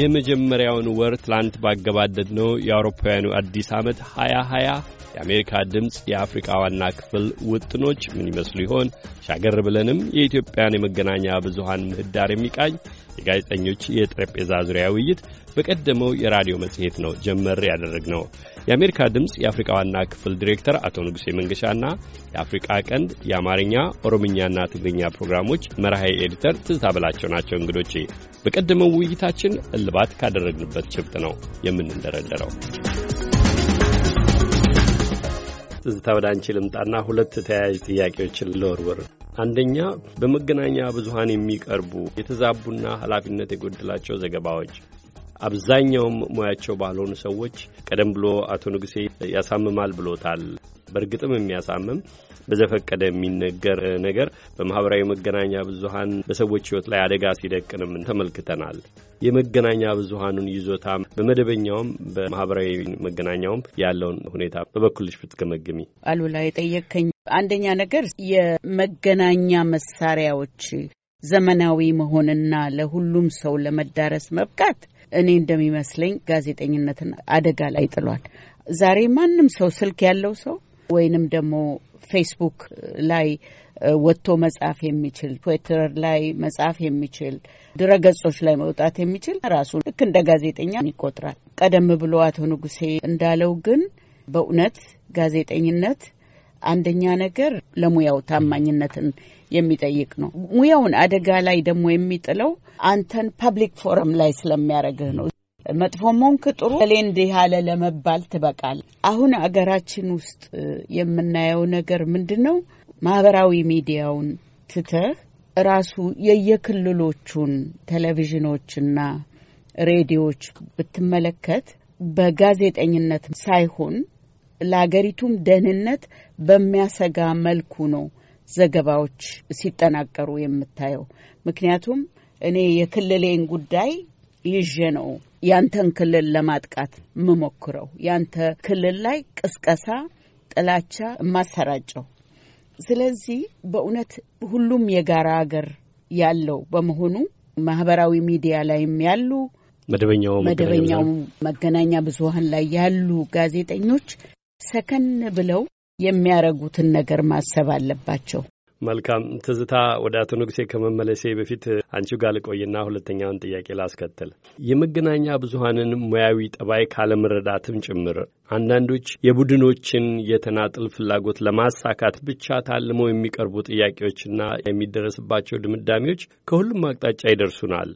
የመጀመሪያውን ወር ትላንት ባገባደድ ነው የአውሮፓውያኑ አዲስ ዓመት 2020 የአሜሪካ ድምፅ የአፍሪካ ዋና ክፍል ውጥኖች ምን ይመስሉ ይሆን? ሻገር ብለንም የኢትዮጵያን የመገናኛ ብዙሃን ምህዳር የሚቃኝ የጋዜጠኞች የጠረጴዛ ዙሪያ ውይይት በቀደመው የራዲዮ መጽሔት ነው ጀመር ያደረግነው። የአሜሪካ ድምፅ የአፍሪካ ዋና ክፍል ዲሬክተር አቶ ንጉሴ መንገሻና የአፍሪቃ ቀንድ የአማርኛ ኦሮምኛና ትግርኛ ፕሮግራሞች መርሃ ኤዲተር ትዝታ በላቸው ናቸው እንግዶቼ። በቀደመው ውይይታችን እልባት ካደረግንበት ጭብጥ ነው የምንደረደረው። ትዝታ ወደ አንቺ ልምጣና ሁለት ተያያዥ ጥያቄዎችን ልወርውር። አንደኛ በመገናኛ ብዙሃን የሚቀርቡ የተዛቡና ኃላፊነት የጎደላቸው ዘገባዎች አብዛኛውም ሙያቸው ባልሆኑ ሰዎች ቀደም ብሎ አቶ ንጉሴ ያሳምማል ብሎታል። በእርግጥም የሚያሳምም በዘፈቀደ የሚነገር ነገር በማህበራዊ መገናኛ ብዙሀን በሰዎች ህይወት ላይ አደጋ ሲደቅንም ተመልክተናል። የመገናኛ ብዙሀኑን ይዞታ በመደበኛውም በማህበራዊ መገናኛውም ያለውን ሁኔታ በበኩልሽ ብትገመግሚ። አሉላ የጠየቀኝ አንደኛ ነገር የመገናኛ መሳሪያዎች ዘመናዊ መሆንና ለሁሉም ሰው ለመዳረስ መብቃት እኔ እንደሚመስለኝ ጋዜጠኝነትን አደጋ ላይ ጥሏል። ዛሬ ማንም ሰው ስልክ ያለው ሰው ወይንም ደግሞ ፌስቡክ ላይ ወጥቶ መጻፍ የሚችል ትዊተር ላይ መጻፍ የሚችል ድረገጾች ላይ መውጣት የሚችል ራሱ ልክ እንደ ጋዜጠኛ ይቆጥራል። ቀደም ብሎ አቶ ንጉሴ እንዳለው ግን በእውነት ጋዜጠኝነት አንደኛ ነገር ለሙያው ታማኝነትን የሚጠይቅ ነው። ሙያውን አደጋ ላይ ደግሞ የሚጥለው አንተን ፐብሊክ ፎረም ላይ ስለሚያደርግህ ነው። መጥፎ መንክ ጥሩ ሌ እንዲህ ያለ ለመባል ትበቃል። አሁን አገራችን ውስጥ የምናየው ነገር ምንድን ነው? ማህበራዊ ሚዲያውን ትተህ ራሱ የየክልሎቹን ቴሌቪዥኖችና ሬዲዮዎች ብትመለከት በጋዜጠኝነት ሳይሆን ለአገሪቱም ደህንነት በሚያሰጋ መልኩ ነው ዘገባዎች ሲጠናቀሩ የምታየው። ምክንያቱም እኔ የክልሌን ጉዳይ ይዤ ነው ያንተን ክልል ለማጥቃት የምሞክረው። ያንተ ክልል ላይ ቅስቀሳ፣ ጥላቻ የማሰራጨው። ስለዚህ በእውነት ሁሉም የጋራ ሀገር ያለው በመሆኑ ማህበራዊ ሚዲያ ላይም ያሉ መደበኛው መገናኛ ብዙሀን ላይ ያሉ ጋዜጠኞች ሰከን ብለው የሚያረጉትን ነገር ማሰብ አለባቸው። መልካም ትዝታ፣ ወደ አቶ ንጉሴ ከመመለሴ በፊት አንቺው ጋር ልቆይና ሁለተኛውን ጥያቄ ላስከትል። የመገናኛ ብዙሀንን ሙያዊ ጠባይ ካለመረዳትም ጭምር አንዳንዶች የቡድኖችን የተናጥል ፍላጎት ለማሳካት ብቻ ታልመው የሚቀርቡ ጥያቄዎችና የሚደረስባቸው ድምዳሜዎች ከሁሉም አቅጣጫ ይደርሱናል።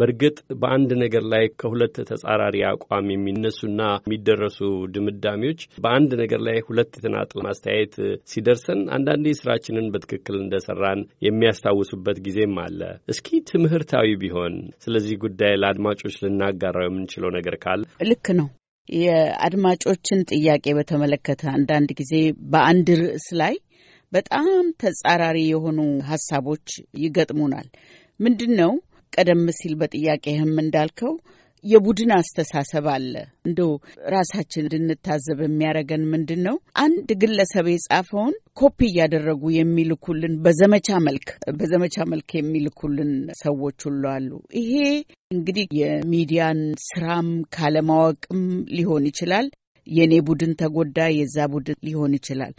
በእርግጥ በአንድ ነገር ላይ ከሁለት ተጻራሪ አቋም የሚነሱና የሚደረሱ ድምዳሜዎች በአንድ ነገር ላይ ሁለት የተናጠል ማስተያየት ሲደርሰን አንዳንዴ ስራችንን በትክክል እንደሰራን የሚያስታውሱበት ጊዜም አለ። እስኪ ትምህርታዊ ቢሆን ስለዚህ ጉዳይ ለአድማጮች ልናጋራው የምንችለው ነገር ካለ ልክ ነው። የአድማጮችን ጥያቄ በተመለከተ አንዳንድ ጊዜ በአንድ ርዕስ ላይ በጣም ተጻራሪ የሆኑ ሀሳቦች ይገጥሙናል። ምንድን ነው ቀደም ሲል በጥያቄህም እንዳልከው የቡድን አስተሳሰብ አለ። እንዶ ራሳችን እንድንታዘብ የሚያደርገን ምንድን ነው? አንድ ግለሰብ የጻፈውን ኮፒ እያደረጉ የሚልኩልን በዘመቻ መልክ በዘመቻ መልክ የሚልኩልን ሰዎች ሁሉ አሉ። ይሄ እንግዲህ የሚዲያን ስራም ካለማወቅም ሊሆን ይችላል። የእኔ ቡድን ተጎዳ፣ የዛ ቡድን ሊሆን ይችላል።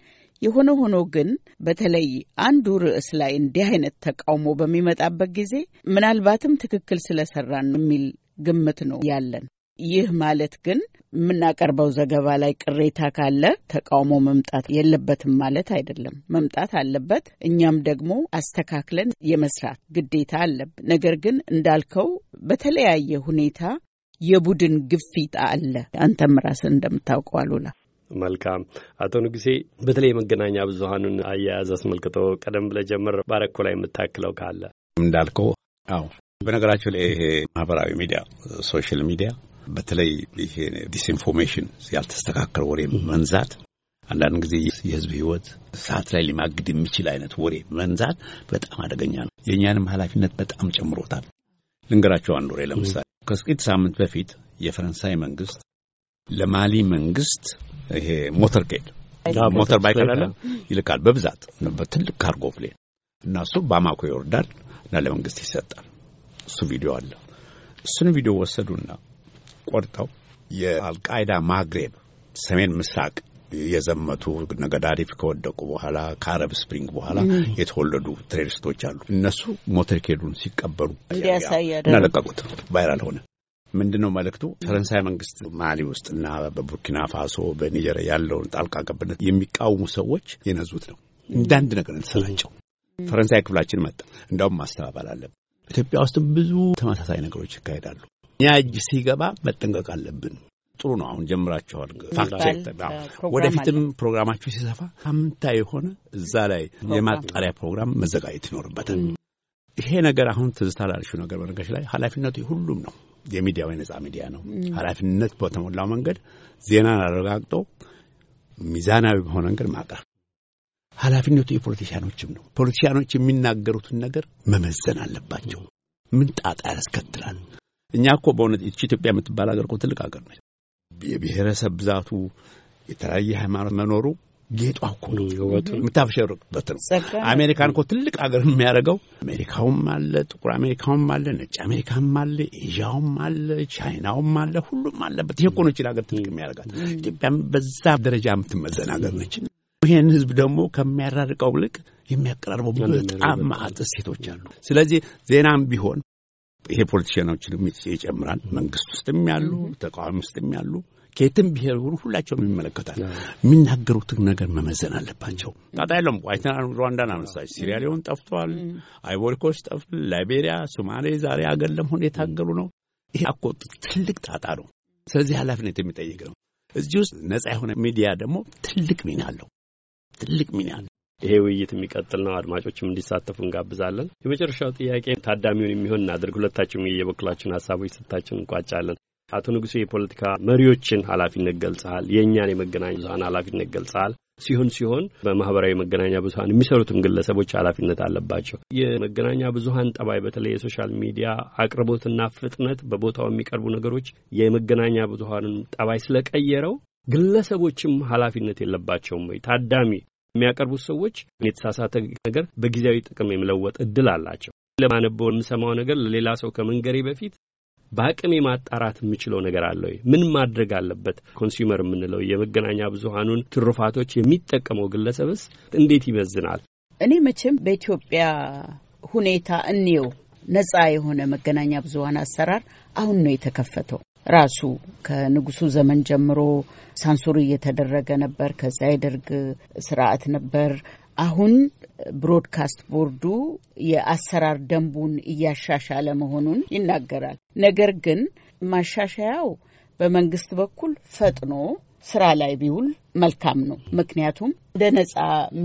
የሆነ ሆኖ ግን በተለይ አንዱ ርዕስ ላይ እንዲህ አይነት ተቃውሞ በሚመጣበት ጊዜ ምናልባትም ትክክል ስለሰራን የሚል ግምት ነው ያለን። ይህ ማለት ግን የምናቀርበው ዘገባ ላይ ቅሬታ ካለ ተቃውሞ መምጣት የለበትም ማለት አይደለም። መምጣት አለበት። እኛም ደግሞ አስተካክለን የመስራት ግዴታ አለብን። ነገር ግን እንዳልከው በተለያየ ሁኔታ የቡድን ግፊት አለ። አንተም ራስን እንደምታውቀው አሉላ መልካም አቶ ንጉሴ በተለይ የመገናኛ ብዙሀኑን አያያዝ አስመልክቶ ቀደም ብለህ ጀመር ባረኮ ላይ የምታክለው ካለ እንዳልከው። አዎ በነገራችሁ ላይ ይሄ ማህበራዊ ሚዲያ ሶሻል ሚዲያ በተለይ ይሄ ዲስኢንፎርሜሽን ያልተስተካከለ ወሬ መንዛት አንዳንድ ጊዜ የህዝብ ህይወት ሰዓት ላይ ሊማግድ የሚችል አይነት ወሬ መንዛት በጣም አደገኛ ነው። የእኛንም ኃላፊነት በጣም ጨምሮታል። ልንገራቸው አንድ ወሬ ለምሳሌ ከጥቂት ሳምንት በፊት የፈረንሳይ መንግስት ለማሊ መንግስት ይሄ ሞተር ኬድ ሞተር ባይክ አለ ይልካል በብዛት በትልቅ ካርጎ ፕሌን እና እሱ ባማኮ ይወርዳል እና ለመንግስት ይሰጣል። እሱ ቪዲዮ አለ። እሱን ቪዲዮ ወሰዱና ቆርጠው የአልቃይዳ ማግሬብ ሰሜን ምስራቅ የዘመቱ ነገዳሪፍ ከወደቁ በኋላ ከአረብ ስፕሪንግ በኋላ የተወለዱ ትሬሪስቶች አሉ። እነሱ ሞተርኬዱን ሲቀበሉ እና ለቀቁት። ቫይራል ሆነ። ምንድን ነው መልእክቱ? ፈረንሳይ መንግስት ማሊ ውስጥ እና በቡርኪና ፋሶ በኒጀር ያለውን ጣልቃ ገብነት የሚቃወሙ ሰዎች የነዙት ነው። እንዳንድ ነገር ተሰራጨው። ፈረንሳይ ክፍላችን መጣ። እንዲያውም ማስተባበል አለብን። ኢትዮጵያ ውስጥም ብዙ ተመሳሳይ ነገሮች ይካሄዳሉ። እኛ እጅ ሲገባ መጠንቀቅ አለብን። ጥሩ ነው። አሁን ጀምራችኋል። ፋክት ወደፊትም ፕሮግራማችሁ ሲሰፋ ሳምንታ የሆነ እዛ ላይ የማጣሪያ ፕሮግራም መዘጋጀት ይኖርበታል። ይሄ ነገር አሁን ትዝታ ላልሽው ነገር በነገሽ ላይ ኃላፊነቱ ሁሉም ነው። የሚዲያው የነጻ ሚዲያ ነው። ኃላፊነት በተሞላው መንገድ ዜናን አረጋግጦ ሚዛናዊ በሆነ መንገድ ማቅረብ ኃላፊነቱ የፖለቲሽያኖችም ነው። ፖለቲሽያኖች የሚናገሩትን ነገር መመዘን አለባቸው። ምን ጣጣ ያስከትላል? እኛ እኮ በእውነት ይቺ ኢትዮጵያ የምትባል አገር እኮ ትልቅ አገር ነች። የብሔረሰብ ብዛቱ የተለያየ ሃይማኖት መኖሩ ጌጧ እኮ ነው የምታብሸርቅበት ነው። አሜሪካን እኮ ትልቅ አገር የሚያደርገው አሜሪካውም አለ፣ ጥቁር አሜሪካውም አለ፣ ነጭ አሜሪካም አለ፣ ኤዥያውም አለ፣ ቻይናውም አለ፣ ሁሉም አለበት። ይሄ እኮ ነው ይህችን አገር ትልቅ የሚያደርጋት። ኢትዮጵያም በዛ ደረጃ የምትመዘን አገር ነች። ይህን ህዝብ ደግሞ ከሚያራርቀው ልቅ የሚያቀራርበው በጣም መዓት ሴቶች አሉ። ስለዚህ ዜናም ቢሆን ይሄ ፖለቲሽኖችን ይጨምራል። መንግስት ውስጥም ያሉ ተቃዋሚ ውስጥም ያሉ ከየትም ብሔር ሁሉ ሁላቸውም ይመለከታል። የሚናገሩትን ነገር መመዘን አለባቸው። ጣጣ የለም። ዋይትና ሩዋንዳን አነሳች። ሲሪያ ሊሆን ጠፍቷል። አይቮሪኮስ ጠፍ፣ ላይቤሪያ፣ ሶማሌ ዛሬ አገር ለመሆን የታገሉ ነው። ይሄ እኮ ትልቅ ጣጣ ነው። ስለዚህ ኃላፊነት የሚጠይቅ ነው። እዚህ ውስጥ ነጻ የሆነ ሚዲያ ደግሞ ትልቅ ሚና አለው። ትልቅ ሚና አለው። ይሄ ውይይት የሚቀጥል ነው። አድማጮችም እንዲሳተፉ እንጋብዛለን። የመጨረሻው ጥያቄ ታዳሚውን የሚሆን እናድርግ። ሁለታችሁም የበኩላችሁን ሀሳቦች ስታችሁን እንቋጫለን። አቶ ንጉሴ የፖለቲካ መሪዎችን ኃላፊነት ገልጸሃል። የእኛን የመገናኛ ብዙሀን ኃላፊነት ገልጸሃል። ሲሆን ሲሆን በማህበራዊ መገናኛ ብዙሀን የሚሰሩትም ግለሰቦች ኃላፊነት አለባቸው። የመገናኛ ብዙሀን ጠባይ፣ በተለይ የሶሻል ሚዲያ አቅርቦትና ፍጥነት፣ በቦታው የሚቀርቡ ነገሮች የመገናኛ ብዙሀንን ጠባይ ስለቀየረው ግለሰቦችም ኃላፊነት የለባቸውም ወይ? ታዳሚ የሚያቀርቡት ሰዎች የተሳሳተ ነገር በጊዜያዊ ጥቅም የመለወጥ እድል አላቸው። ለማነበው የምሰማው ነገር ለሌላ ሰው ከመንገሬ በፊት በአቅሜ ማጣራት የምችለው ነገር አለ ወይ? ምን ማድረግ አለበት? ኮንሱመር የምንለው የመገናኛ ብዙሀኑን ትሩፋቶች የሚጠቀመው ግለሰብስ እንዴት ይመዝናል? እኔ መቼም በኢትዮጵያ ሁኔታ እንየው ነጻ የሆነ መገናኛ ብዙሀን አሰራር አሁን ነው የተከፈተው። ራሱ ከንጉሱ ዘመን ጀምሮ ሳንሱር እየተደረገ ነበር። ከዛ የደርግ ስርዓት ነበር። አሁን ብሮድካስት ቦርዱ የአሰራር ደንቡን እያሻሻለ መሆኑን ይናገራል። ነገር ግን ማሻሻያው በመንግስት በኩል ፈጥኖ ስራ ላይ ቢውል መልካም ነው። ምክንያቱም እንደ ነጻ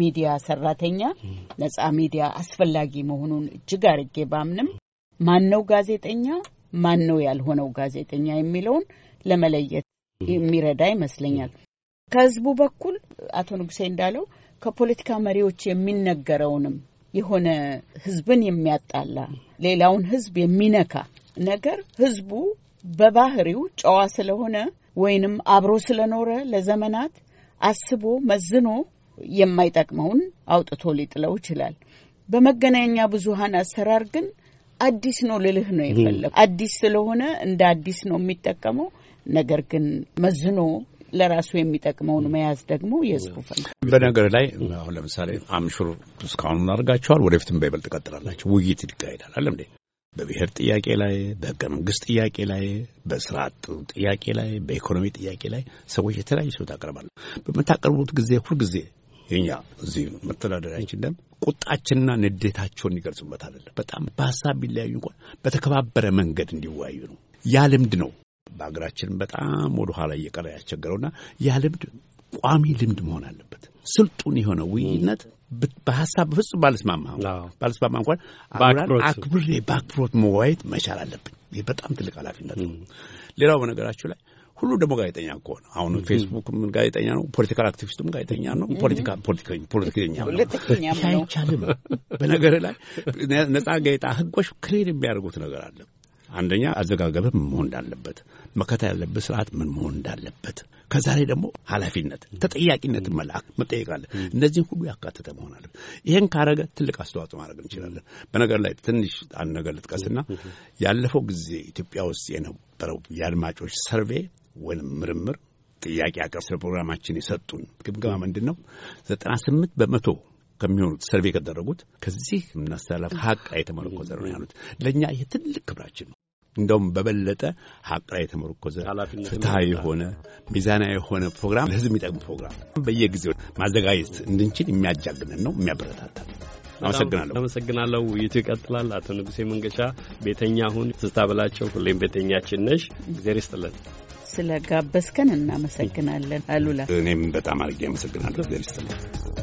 ሚዲያ ሰራተኛ ነጻ ሚዲያ አስፈላጊ መሆኑን እጅግ አርጌ ባምንም ማን ነው ጋዜጠኛ ማን ነው ያልሆነው ጋዜጠኛ የሚለውን ለመለየት የሚረዳ ይመስለኛል። ከህዝቡ በኩል አቶ ንጉሴ እንዳለው ከፖለቲካ መሪዎች የሚነገረውንም የሆነ ህዝብን የሚያጣላ ሌላውን ህዝብ የሚነካ ነገር ህዝቡ በባህሪው ጨዋ ስለሆነ ወይንም አብሮ ስለኖረ ለዘመናት አስቦ መዝኖ የማይጠቅመውን አውጥቶ ሊጥለው ይችላል። በመገናኛ ብዙሀን አሰራር ግን አዲስ ነው ልልህ ነው የፈለግ አዲስ ስለሆነ እንደ አዲስ ነው የሚጠቀመው። ነገር ግን መዝኖ ለራሱ የሚጠቅመውን መያዝ ደግሞ የጽሁፍ ነው። በነገር ላይ አሁን ለምሳሌ አምሹር እስካሁኑን አድርጋቸዋል። ወደፊትም በይበልጥ ቀጥላላቸው ውይይት ይካሄዳል አለ እንዴ በብሔር ጥያቄ ላይ፣ በህገ መንግስት ጥያቄ ላይ፣ በስርዓት ጥያቄ ላይ፣ በኢኮኖሚ ጥያቄ ላይ ሰዎች የተለያዩ ሰው ታቀርባለ። በምታቀርቡት ጊዜ ሁልጊዜ የኛ እዚህ መተዳደሪያችን ደንብ ቁጣችንና ንዴታቸውን ይገልጹበት አይደለም። በጣም በሀሳብ ቢለያዩ እንኳን በተከባበረ መንገድ እንዲወያዩ ነው። ያ ልምድ ነው በሀገራችን በጣም ወደ ኋላ እየቀረ ያስቸገረውና ያ ልምድ ቋሚ ልምድ መሆን አለበት። ስልጡን የሆነ ውይይነት በሀሳብ በፍጹም ባልስማማ ባልስማማ እንኳን አክብሬ በአክብሮት መዋየት መቻል አለብኝ። ይህ በጣም ትልቅ ኃላፊነት ነው። ሌላው በነገራችሁ ላይ ሁሉ ደግሞ ጋዜጠኛ ከሆነ አሁን ፌስቡክም ጋዜጠኛ ነው፣ ፖለቲካል አክቲቪስቱም ጋዜጠኛ ነው፣ ፖለቲካ ፖለቲከኛ ነው። አይቻልም። በነገር ላይ ነጻ ጋዜጣ ህጎች ክሬድ የሚያደርጉት ነገር አለ። አንደኛ አዘጋገብህ ምን መሆን እንዳለበት፣ መከታ ያለበት ስርዓት ምን መሆን እንዳለበት፣ ከዛ ላይ ደግሞ ኃላፊነት ተጠያቂነት መልአክ መጠየቃለን። እነዚህን ሁሉ ያካተተ መሆን አለ። ይህን ካረገ ትልቅ አስተዋጽኦ ማድረግ እንችላለን። በነገር ላይ ትንሽ አንድ ነገር ልጥቀስና ያለፈው ጊዜ ኢትዮጵያ ውስጥ የነበረው የአድማጮች ሰርቬ ወይም ምርምር ጥያቄ አቅርብ ስለ ፕሮግራማችን የሰጡን ግምገማ ምንድን ነው? ዘጠና ስምንት በመቶ ከሚሆኑት ሰርቬ ከደረጉት ከዚህ የምናስተላለፍ ሀቅ የተመረኮዘ ነው ያሉት። ለእኛ ይህ ትልቅ ክብራችን ነው። እንደውም በበለጠ ሀቅ ላይ የተመረኮዘ ፍትሐዊ የሆነ ሚዛናዊ የሆነ ፕሮግራም፣ ለህዝብ የሚጠቅም ፕሮግራም በየጊዜው ማዘጋጀት እንድንችል የሚያጃግነን ነው፣ የሚያበረታታል። አመሰግናለሁ። አመሰግናለሁ። ውይይቱ ይቀጥላል። አቶ ንጉሴ መንገሻ ቤተኛ ሁን። ትዝታ በላቸው ሁሌም ቤተኛችን ነሽ። እግዜር ይስጥልን። ስለ ጋበዝከን እናመሰግናለን አሉላ። እኔም በጣም አድርጌ አመሰግናለሁ። እግዜር ይስጥልን።